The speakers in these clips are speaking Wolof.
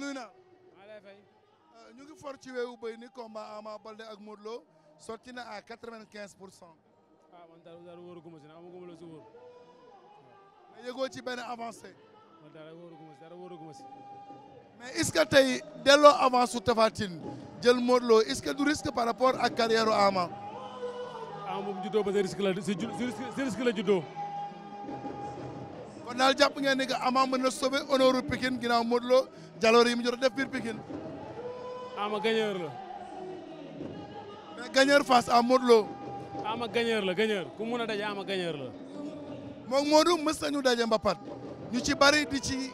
Luna, euh, sommes combat Ama à 95%. Ah, mais mais est-ce que vous avez avance risques est-ce que risque par rapport la carrière Ama. Ama C'est risque risque kon daal jàpp ngeen ni que Ama mën na sauver honneur Pikine ginnaaw Modou Lo jaloor yi mu jot a def biir Ama gagneur la. mais gagneur face à Ama gagneur la ku mun a daje Ama gagneur la. moom Modou mës nañu daje mbapat ñu ci bari di ci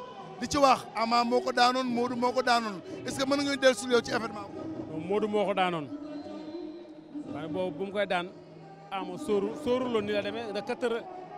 ci wax Ama moo ko daanoon Modou moo ko daanoon est-ce que mën nga ñu dellusi yow ci événement boobu. Modou moo ko daanoon. waaye boobu bu mu koy daan Ama sóoru ni la demee da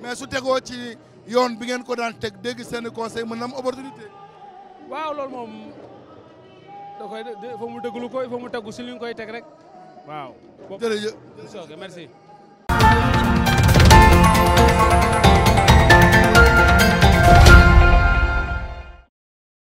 mais su tegoo ci yoon bi ngeen ko daan teg dégg seen conseil mën na am opportunité. waaw loolu moom da koy il mu déglu koy il mu tegu si li koy teg rek waaw. jërëjëf merci.